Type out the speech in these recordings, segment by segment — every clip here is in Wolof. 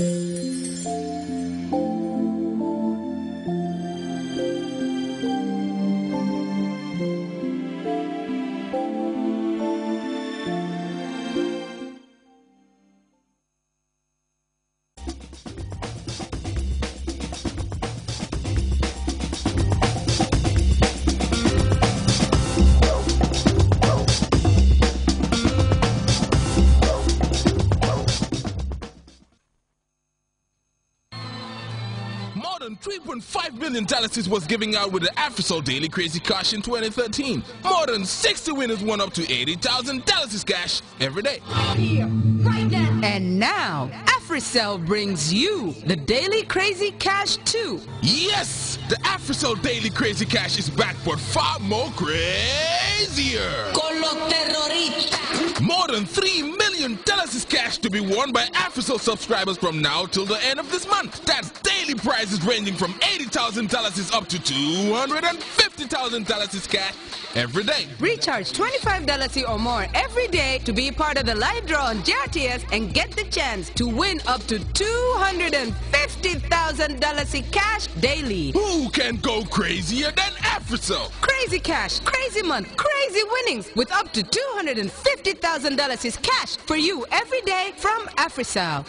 Thank you. More than 3.5 million dollars was giving out with the AfriSol Daily Crazy Cash in 2013. More than 60 winners won up to 80,000 dollars cash every day. And now, Afrisol brings you the Daily Crazy Cash 2. Yes, the Afrisol Daily Crazy Cash is back, for far more crazier. Con los terroristas. More than 3 million Telesis cash to be won by AfriCell subscribers from now till the end of this month. That's daily prizes ranging from 80,000 Telesis up to 250,000 Telesis cash every day. Recharge $25 or more every day to be part of the live draw on JRTS and get the chance to win up to $250,000 cash daily. Who can go crazier than Crazy cash, crazy month, crazy winnings with up to $250,000 is cash for you every day from AfriSal.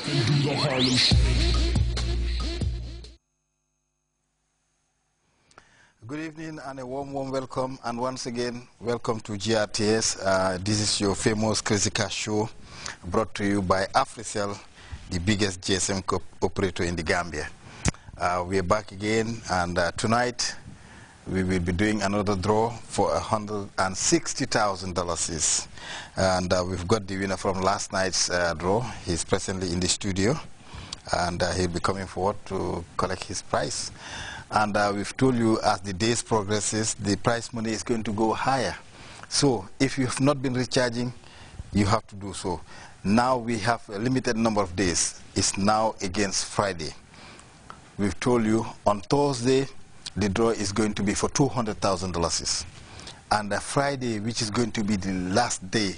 Good evening and a warm, warm welcome. And once again, welcome to GRTS. Uh, this is your famous Crazy Cash show brought to you by AfriCell, the biggest GSM operator in the Gambia. Uh, we are back again, and uh, tonight we will be doing another draw for $160,000. And uh, we've got the winner from last night's uh, draw. He's presently in the studio, and uh, he'll be coming forward to collect his prize. And uh, we've told you as the days progresses, the prize money is going to go higher. So if you have not been recharging, you have to do so. Now we have a limited number of days. It's now against Friday. We've told you on Thursday, the draw is going to be for $200,000. And Friday, which is going to be the last day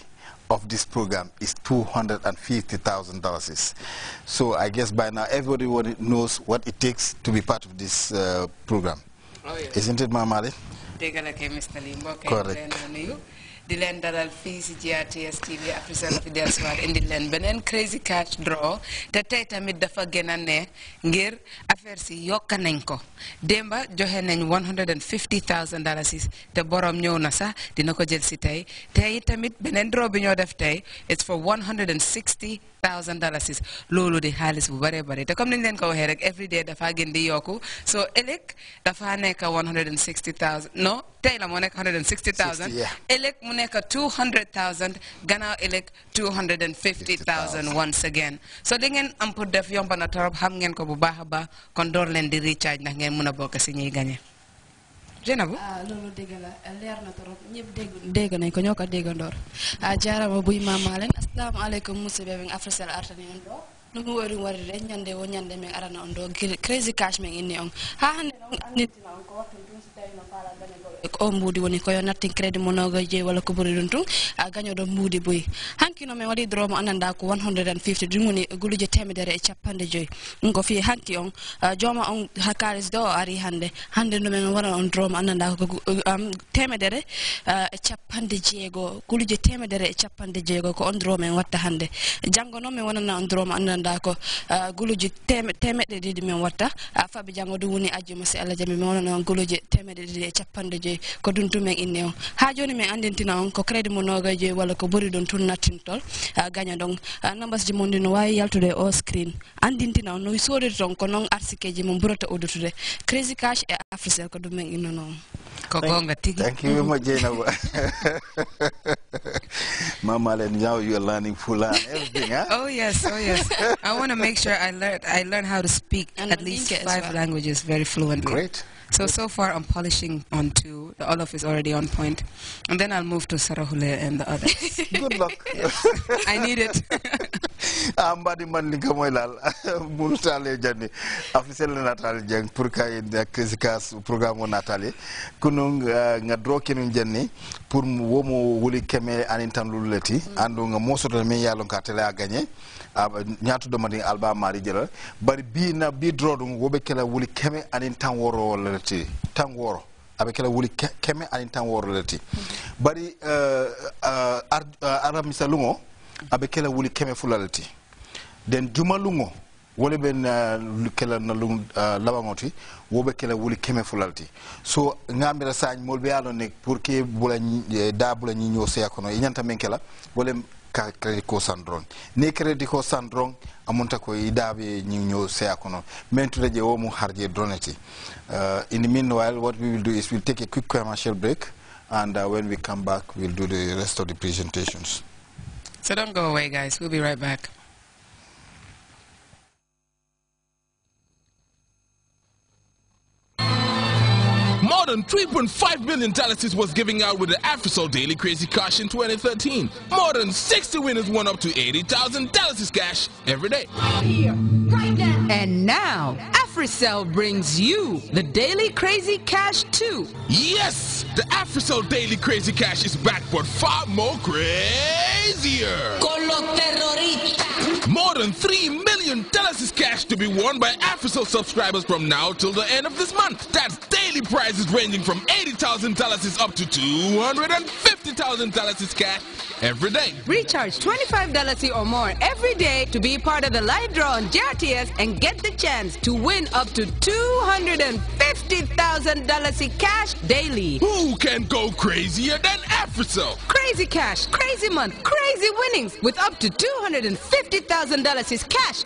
of this program, is $250,000. So I guess by now everybody knows what it takes to be part of this uh, program. Oh, yes. Isn't it, Mama Limbo. Correct. di leen dalal fii si GRTS TV Africell fi dellusiwaat indil leen beneen crazy catch draw te tey tamit dafa gën ne ngir affaire si yokka nañ ko démba joxe nañ one hundred and fifty thousand dollars te borom ñëw na sax dina ko jël si tey tey tamit beneen draw bi ñoo def tey it's for one hundred and sixty thousand dollars loolu di xaalis bu bare bare te comme niñ leen ko waxee rek every day dafa gën di yokk so ëllëg dafa nekk one hundred and sixty thousand no tey la moo nekk 160000. ëllëg mu nekk 200000 gannaaw ëllëg 250000 once again so li ngeen am pour def yomb na torop xam ngeen ko bu baax a baax kon door leen di recharge ndax ngeen mën a bokk si ñuy gagné. Jenabo ah loolu dégg la leer na torop ñëpp dégg dégg nañ ko ñoo ko déggandoor a ah, jaarama buy maama leen asalaamaaleykum musidɓe ɓen africell artani en ɗo ɗum wori warire ñande wo ñande min arana on ɗo crazy cash min inni on ha hande on anditina on ko waktu ɗum so tawino faala gane o mbuuɗi woni koyo nattin crédit mo nogoye jeeyi walla ko ɓuri ɗum tun gañoɗo mbuuɗi boyi hankkino min waɗi dromo annanda ko 150 ɗum woni guluje temedere e capanɗe joyyi ɗum ko fi hanki on jooma on kalis o ari hannde hannde ɗumen on dromo annanda ko temedere e capanɗe jeegoo guluje temedere e capanɗe jeegoo ko on dromo en watta hannde janngo noon min wonana on dromo annanda ko guluji temeɗɗe watta faabi janngo ɗum woni ajjuma si allah jami min wonana on guluje temeɗɗe ɗiɗi e capanɗe je ko dun tumen inne on ha joni min on ko crédit mo noga joyi walla ko ɓori ɗon tun nattintol gaña donc numbers ji mon ɗi no yaltude o screen andintina on no sodiri toon ko noon arsikeji mo ɓurata odutude crési cash e africel ko ɗum men on ko gonga tigi thank oh, yes oh yes i want make sure i learn how to speak at least five languages very fluently So, so far I'm polishing on two. The Olaf is already on point. And then I'll move to Sarahule and the others. Good luck. I need it. a ah, mbadi man li laal mulu tale jani afisel natal jeng pour kay nek zikas programme natali kunu ah, nga dro kinu jani pour womo wuli keme anintan lulati andu mm. nga mosoto me yalon ka tele a gagner ah, ñaatu domani alba mari jela bari bi na bi dro dum wobe kala wuli keme anintan woro lati tangoro aɓe kala wuli keme anin tan woroleti mm. bari aram misalugo aɓe kela wuli keme fulala ti den juma lungo wole ɓe kela na lum uh, laɓaŋo ti woɓe kela wuli keme fulala ti so ŋamira sañ mol ɓe yalon ne pour que bula e, da bula ñiñoo seya kono i ñanta men kela wolem ka crédit ko sandron ni crédit ko sandron amunta ko i daaɓe ñiñoo seya kono men tudaje wo mu harje doneti uh, in the meanwhile what we will do is we'll take a quick commercial break and uh, when we come back we'll do the rest of the presentations So don't go away, guys. We'll be right back. More than 3.5 million Dalasies was giving out with the AfriSol Daily Crazy Cash in 2013. More than 60 winners won up to 80,000 Dalasies cash every day. And now, Afrisol brings you the Daily Crazy Cash 2. Yes! The Afrisol Daily Crazy Cash is back, for far more crazy. Con los terroristas. More than 3 million million is cash to be won by AfriSoul subscribers from now till the end of this month. That's daily prizes ranging from 80,000 Telesis up to 250,000 is cash every day. Recharge $25 or more every day to be part of the live draw on JRTS and get the chance to win up to $250,000 cash daily. Who can go crazier than AfriSoul? Crazy cash, crazy month, crazy winnings with up to $250,000 cash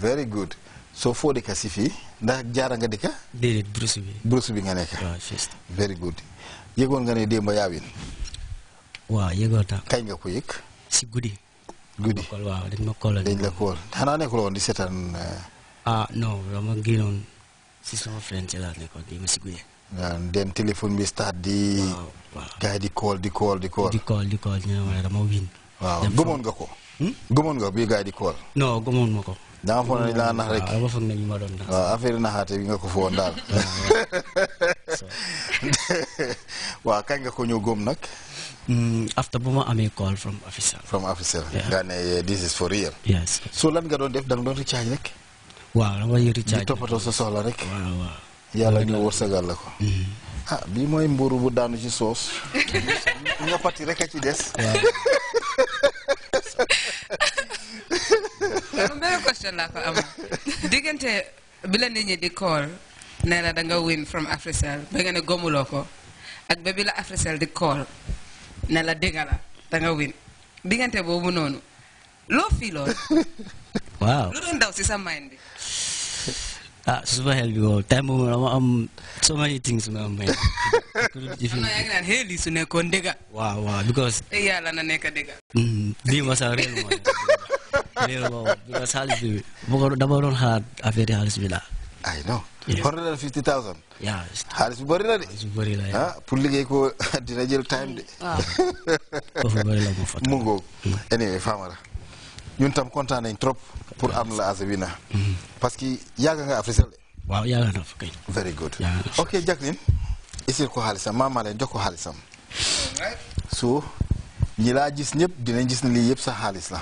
very good so foo dëkka si fii ndax jaara nga dëkka déedéet Bruce bi Bruce bi nga nekk ah, yëgoon nga ne démba yaawin waaw yëgoon naa kañ nga ko yëg si guddi guddi waaw dañ ma koolal di seetaan eh, ah dama génnoon si sama friend ci laa nekkoon di si guddi den téléphone bi start di gars yi di kool di kool di kool di kool di kool ñu ne ma dama win waaw gëmoon nga ko hmm? gëmoon nga bii gars yi di kool non gëmoon ma ko dama foog ne danga nax rek waaw dama naxaate bi nga ko foon daal waaw kañ nga ko ñëw góom nag hmm, after bu ma amee call from officer nga ne eh, this is for real yes so lan nga doon def danga doon recharge rek waaw dama yi recharge di rek yàlla ñu wërsëgal la ko hmm. ah bii mooy mburu bu daanu ci soos nga pati rek a ci des question laa bi la nit ñi di call nee la nga win from Africell ba nga ne gomuloo ko ak ba bi la Africell di call ne la la da win diggante boobu noonu loo fii lool. lu doon daw si sa mind bi. ah su ma xel bi moom time boobu dama am so many things ma am mind. xam naa yaa ngi naan hey su nekkoon waaw waaw because. yàlla na nekk dégg. Mm, lii ma sa réel mooy. réew boobu dina xaalis bi bu ko dama doon xalaat affaire xaalis bi la ay non hundred and fifty thousand yaa xaalis bu bëri la de pour liggéey ko dina jël time de foofu mu fat anyway Famara ñun tam kontaan nañ trop pour am la Asabina parce que yàgg nga Africell waaw yàgg na fa kay very good ko xaalisam maama leen jox ko xaalisam so ñi laa gis ñëpp dinañ jis ne lii yëpp sa xaalis la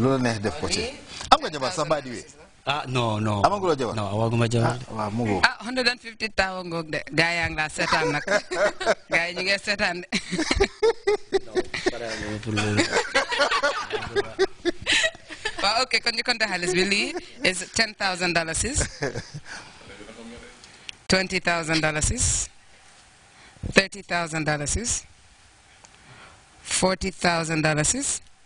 loolu neex def ko ci am nga jabar sax baa diwee ah non non amaguloo jabar non awaguma jabar ah, waaw mu ngoo ah 150 ngoog de gaa yaa ngi laa seetaan nag gaa yi ñu ngi seetaan de waaw ok kon ñu compté xaalis ten thousand dollars twenty thousand dollars thirty thousand dollars forty